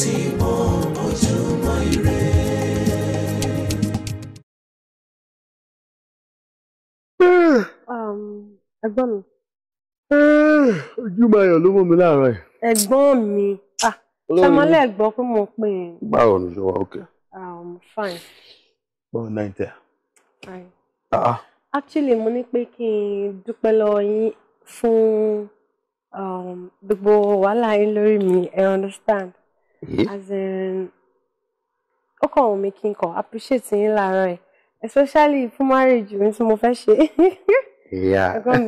ti mọ ojúmọ́ ire. Um, ẹ̀gbọ́n mi. Eh, ojúmọ́ ayọ̀ ló mú mi láàárọ̀ ẹ̀. ẹ̀gbọ́n mi ah, ṣàmọ́lẹ̀ ẹ̀gbọ́n pé mo pè é. báwo ni ṣe wà ókè. Um, fine. báwo náà tẹ. Ah, ah. actually mo ní pé kí n dúpẹ́ lọ́wọ́ yín fún um, gbogbo wàhálà yín lórí mi i understand as in ó kàn wọ́n mi kí n kàn appreciate yín láàárọ̀ ẹ̀ especially fún marriage mi tí mo fẹ́ ṣe.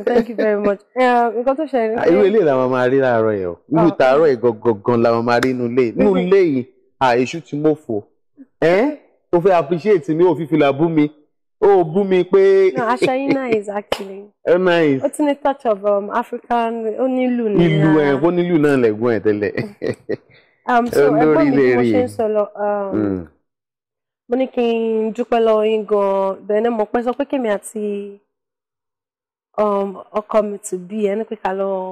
thank you very much. nǹkan tó ṣẹlẹ̀ ní. irú ilé làwọn máa rí láàárọ̀ yẹn o irú ah. tààrọ̀ yẹn gangan làwọn máa rí inú ilé inú ilé yìí àìṣú ti mòfo o fẹ́ appreciate mi o fi fìlà bú mi o bú mi pé. no aṣọ yín nice actually. ó nice. ó tún ní touch of um, African ó nílù náà. ìlú ẹ̀ ó nílù náà lẹ́gbọ́n ẹ̀ tẹ́lẹ̀ olórí lè rí mo ní kí n dúpẹ́ lọ́wọ́ yín gan-an bẹ́ẹ̀ mo pẹ́ sọ pé kèmi àti um, ọkọ mi tù bí ẹni pé ká lọ́ọ́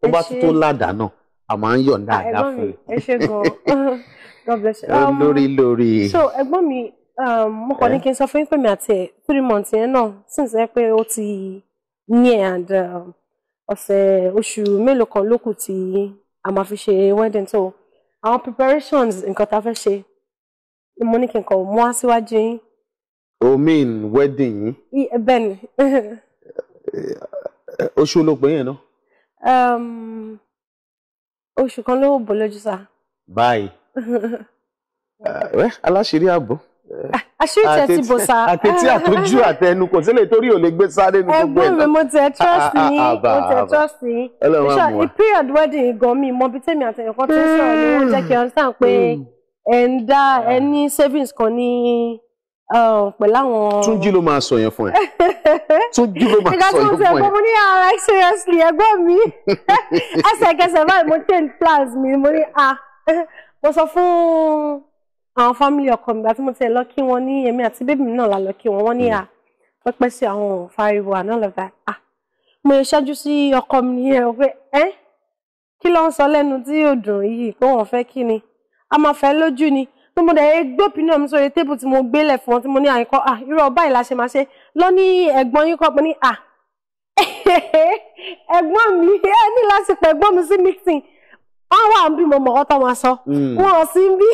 tó bá tó ládàá náà a máa ń yọ̀ǹda ah, àdá fún un. god bless you. Um, lórí lórí. so ẹ̀gbọ́n mi um, mo kàn ní eh? kí n sọ fún yín pé mi àti ẹ̀ three months yẹn náà since ẹ pé ó ti near and um, ọ̀sẹ̀ oṣù mélòó kan ló kù tí a máa fi ṣe wedding tó àwọn preparations nǹkan tá a fẹ́ ṣe mo ní kí n kàn mú wá síwájú yín. o mean wedding yìí. bẹ́ẹ̀ ni. Eh, eh, oṣù olóògbé yẹn náà. Ehm, oṣù kan ló bò lójú sá. báyìí eh, aláṣírí ààbò. àṣírí eh, ah, tí ẹ ti bò sá. àtẹtí àtọjú àtẹnu kò sílẹ̀ torí ò lè gbé sáré ní gbogbo ẹ̀. ẹ̀gbọ́n mi mo tẹ ah, ah, trust ní mo tẹ trust ní. ẹlẹ́wọ̀n àmọ́ wa period wedding gan mi mọ bíi tèmi àtẹ̀yìn kan tó ń sọ̀rọ̀ ni wọ́n jẹ́ kí mm. understand pé mm. ẹ̀ ń dá ẹ ní savings kan ní. Oh, pẹ̀lú àwọn. túnjí ló máa sọ yẹn fún ẹ túnjí ló máa sọ yẹn fún ẹ. ìgbà tó ń sọ fún mi ní ara ah, seriously ẹ̀gbọ́n mi ẹsẹ̀kẹsẹ̀ báyìí mo change plans mi mo ní a ah. mo sọ fún àwọn family ọkọ mi àti mo tiẹ̀ lọ kí wọn ní èmi àti bébì mi náà la lọ kí wọn wọn ní hmm. a ah, pẹpẹ sí àwọn fariwo àná lọta a mo yẹ ṣáájú sí ọkọ mi ní ẹ pé ẹ kí ló ń sọ lẹ́nu tí yóò dùn yìí pé wọn fẹ́ kí ni a máa fẹ́ lójú ni tó mo dẹ̀ gbópinú mi sórí tébù tí mo gbélẹ̀ fún ọ tí mo ní àyíkọ́ à irú ọba ìlà ṣe máa ṣe lọ́ní ẹ̀gbọ́n yín kọ́ pé ní à ẹ̀gbọ́n mi ẹ ní láti pẹ̀ ẹ̀gbọ́n mi sí mixing wọ́n wà ń bí mo mọ̀ ọ́tọ́ máa sọ hmm. wọn ò sí bí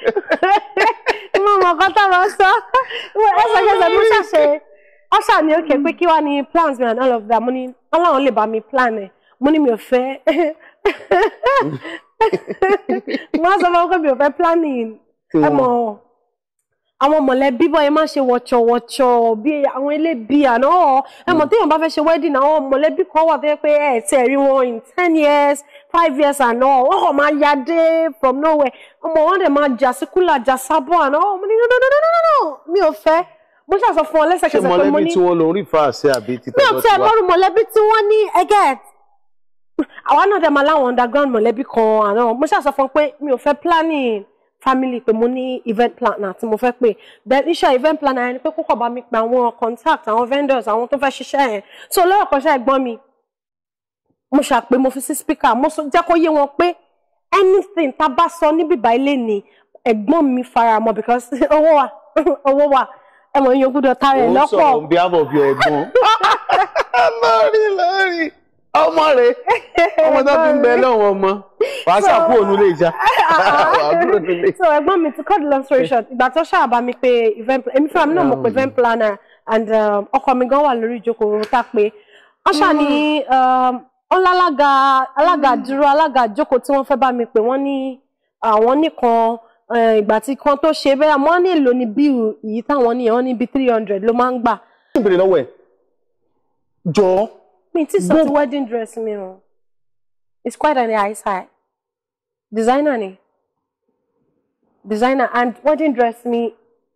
mo mọ̀ ọ́tọ́ máa sọ ẹsẹ̀ ẹsẹ̀ mo ṣàṣe ọ̀ṣà ni òkè pé kí wàá ní plans mi and all of that mo ní ọlọ́run lè bá mi plan ẹ̀ mo ní mi ò fẹ́ mo á sọ fún ọkọ mi ò fẹ́ planning ẹ mọ̀ àwọn mọ̀lẹ́bí bọ́ ẹ má ṣe wọ̀chọ̀wọ̀chọ̀ bí àwọn elébi àná ẹ mọ̀ mm. téèyàn bá fẹ́ ṣe wedding àwọn mọ̀lẹ́bí kan wà tó yẹ pé ẹ ti rí wọn in ten years five years àná wọn kàn máa ya dé from nowhere ọmọ wọn dẹ̀ máa jà sí kúlà jà sábọ̀ àná mo ní no no no no no mi ò fẹ́ mo ṣàṣọ fún ọ lẹ́sẹ̀kẹsẹ̀ pé mo ní ṣe mọ̀lẹ́bí tí wọ́n lò ń rí fàṣẹ àbí títọ́jọ́ tiwa mi ò tẹ́ mọ́rùn mọ̀lẹ́bí tí wọ́n ní ẹgẹ́ẹ̀tì àwa náà dẹ̀ máa láwọn underground mọ̀lẹ́bí kan àná mo ṣàṣọ fún pé mi ò fẹ́ planning family pé mo ní event planner tí mo fẹ́ pè then iṣẹ́ event planner yẹn ni pé kókò bá mi pe àwọn contact àwọn vendors àwọn tó fẹ́ ṣiṣẹ́ yẹn so lọ́rọ̀ kan ṣe ẹ̀gbọ́n mi mo ṣàpè mo fi sí speaker mo jẹ́ kó yé wọn pé anything tá a bá sọ ní bíbá ilé ni ẹ̀gbọ́n mi fara mọ́ because owó wa owó wa ẹ̀wọ̀n yẹn gbọ́dọ̀ tara ẹ̀ lọ́pọ̀. òun sọ̀rọ̀ on behalf of your ẹ̀gbọ́n. lórí lórí ọmọ rẹ ọmọ tó fi ń bẹ lọ́wọ́ ọmọ wàá ṣàkó òun lè já. so ẹ̀gbọ́n mi ti cut the long story short ìgbà tó ṣàbá mi pé event èmi fúnra mi náà mo pe event planner and um, ọkọ mi gan wà lórí ìjókòó tá a pé ọ̀ṣà ni ó lálága alága dúró alága jókòó tí wọ́n fẹ́ bá mi pé wọ́n ní àwọn nìkan ìgbà tí kan tó ṣe bẹ́ẹ̀ wọ́n nílò ní bíi èyí táwọn nìyẹn wọ́n ní bíi three hundred ló máa ń gbà. ìbéèrè lọ́wọ́ ẹ̀ jọ̀ọ́ mi ti sọ ti wedding dress me o it's quite an high side designer ni designer and wedding dress me,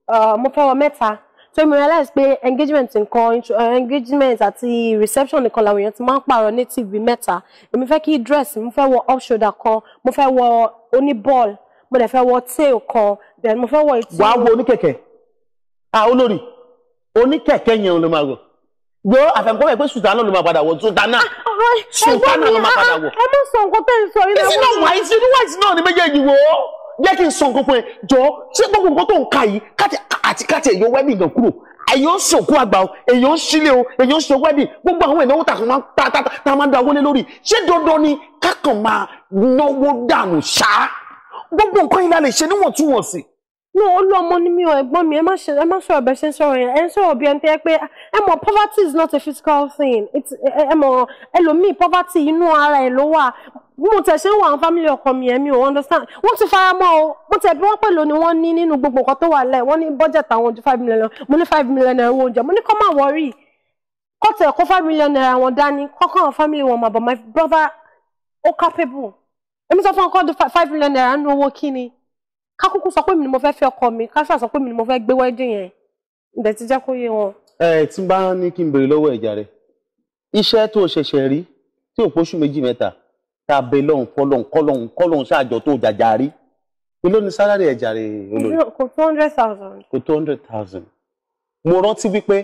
uh, fẹ́ wọ mẹ́ta so mi realize be engagement in nǹkan uh, engagement at the reception nìkan làwọn èèyàn ti máa ń pààrọ̀ native mẹ́ta èmi fẹ́ kí dress mo fẹ́ wọ off shoulder kan mo fẹ́ wọ oní ball mo dẹ̀ fẹ́ wọ tail kan then mo fẹ́ wọ ìtú. wàá wo oníkẹ̀kẹ́ ah olórí oníkẹ̀kẹ́ yẹn ò lè máa gbọ́ àfẹnkọ́ bẹ̀ pé sùtánà ló máa padà wọ̀ sùtánà ah, ah, ah, sùtánà ló máa padà wọ̀. ẹ mọ sọ nǹkan tẹ́ ń sọ yìí náà. ìsinú wà ìsinú wà ìsinú náà ni méjèèjì wò ó jẹ́ kí n sọ nǹkan fún ẹ jọ ṣé gbogbo nǹkan tó ń ka yìí àti káàtì èyí wẹ́ẹ̀dì gan kúrò èyí ó sòkú àgbà o èyí ó sílé o èyí ó ṣe wẹ́ẹ̀dì gbogbo àwọn ìnáwó tá a máa ń dáwọ́ lé lórí ṣé dandan ni kákan máa náwó dànù ṣáá gbogbo nǹkan yìí la lè ṣe níwọ̀ntúnwọ̀nsì No, olóòmọ ni mi ò ẹ̀gbọ́n mi ẹ má ṣe ẹ má sọ̀rọ̀ bẹ ṣe ń sọ̀rọ̀ yẹn ẹ ń sọ̀rọ̀ bí ẹni tẹ pé ẹ mọ̀ poverty is not a physical thing ẹ mọ̀ ẹlòmíì poverty inú ara ẹ ló wà mo tẹ̀ ṣe ń wà àwọn family ọkọ mi ẹ̀mí ò understand wọ́n ti fara mọ́ o mo tẹ̀ bí wọ́n pè lónìí wọ́n ní nínú gbogbo nǹkan tó wà lẹ̀ wọ́n ní budget àwọn ju five million mo ní five million naira owó oúnjẹ mo ní kọ́ máa worry kọ́ tẹ̀ kó five million naira wọn dání kọ́kọ́ àwọn family wọn mà but my brother ó capable èmi sọ fún ọkọ five million naira nínú owó kíni ká kúkú sọ pé mi ni mo fẹ́ fẹ́ ọkọ mi ká ṣàṣọ pé mi ni mo fẹ́ gbé wedding yẹn ǹdẹ̀ ti jẹ́ kó yé wọn. ẹ tí n bá ní kí n béèrè lọ́wọ́ ẹ̀já rẹ iṣẹ́ tó ṣẹ̀ṣẹ̀ rí tí ò pósù méjì mẹ́ta tá a bẹ lọ́hùn kọ́lọ́hùn kọ́lọ́hùn kọ́lọ́hùn ṣáàjọ tó jàjà rí ilé ní sálárì ẹ̀já rẹ olórí. kò tó hundred thousand. kò tó hundred thousand. mo rántí wípé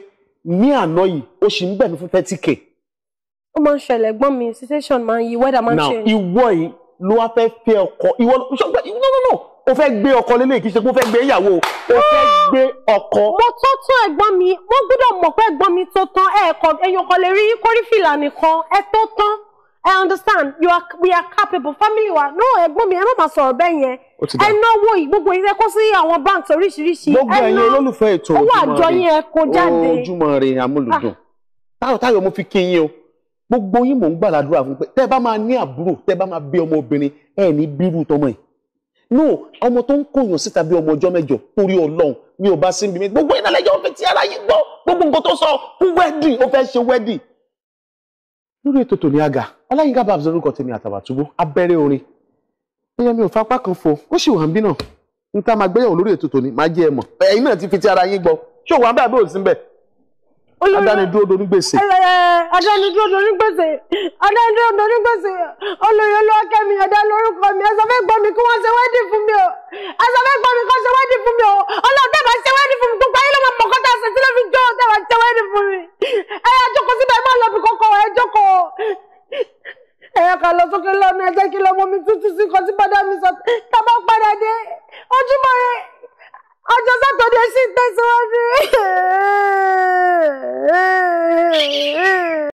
ní àná yìí ó ṣì ń bẹ̀ mí fún thirty k. ó máa ń ṣẹlẹ̀ gbọ́n mi situation máa ń yí now ìwọ yìí ló wá fẹ́ no no no o fẹ́ gbé ọkọ lélẹ̀ kì í ṣe pé o fẹ́ gbé ìyàwó o fẹ́ gbé ọkọ. mo tó tán ẹ̀gbọ́n mi wọ́n gbọ́dọ̀ mọ̀ pé ẹ̀gbọ́n mi tó tán ẹ̀ẹ̀kọ ẹ̀yàn kan lè rí kórí nìkan ẹ tó tán I understand you are we are capable family wa no ẹ̀gbọ́n mi ẹ má máa sọ̀rọ̀ bẹ́ẹ̀ yẹn ẹ náwó yìí gbogbo ilé kó sí àwọn báńkì oríṣiríṣi ẹ ná owó àjọ yẹn ẹ kó jáde. ojúmọ́ rẹ amúlùdùn ah. táyọ̀ táyọ̀ mo fi kí yín o gbogbo yín mò ń gbàdúrà fún pé tẹ́ bá máa ní àbúrò tẹ́ bá máa bí ọmọ obìnrin ẹ ní bírú tọmọ yìí no ọmọ tó ń kòyàn síta bí ọmọ ọjọ́ mẹ́jọ torí ọlọ́run mi ò bá sí ibi mi gbogbo ìnálẹ́jọ́ ó fẹ́ ti ara yìí gbọ́ gbogbo nǹkan tó sọ fún wẹ́ẹ̀dì ó fẹ́ ṣe wẹ́ẹ̀dì. lórí ètò tòní àgà ọláyínká babs orúkọ tèmi àtàbàtúbú abẹ́rẹ́ orin ẹ̀yẹ mi ò fapá kan fo ó sì wà ń bí náà n ta máa gbéyàwó lórí ètò tòní máa jẹ́ ẹ mọ̀ ẹ̀yin náà ti fi ti ara yín gbọ́ ṣé òun àbẹ́ àbẹ́ adánidúró dorí gbèsè. adánidúró dorí gbèsè adánidúró dorí gbèsè olóyè olókèmí ẹ̀dá lórúkọ mi ẹ̀sọ́ fẹ́ gbọ́ mi kí wọ́n ṣe wẹ́ẹ̀dì fún mi o ẹ̀sọ́ fẹ́ gbọ́ mi kí wọ́n ṣe wẹ́ẹ̀dì fún mi o ọlọ́ọ̀tẹ́ bá ṣe wẹ́ẹ̀dì fún mi gbogbo ayé ló máa mọ̀ kọ́tà ṣe sílẹ̀ fi jọ́ ọ̀tẹ́ bá ṣe wẹ́ẹ̀dì fún mi ẹ̀yà jókòó síbẹ̀ má lọ bí kan lọ sókè lọ́nà ẹ̀jẹ̀ kí lọ́mọ mi tútù sí kan sí bọ́dá mi sọ tábà padà dé ojúmọ́ rẹ̀ ọjọ́ sátọ̀dé sì tẹ̀síwájú.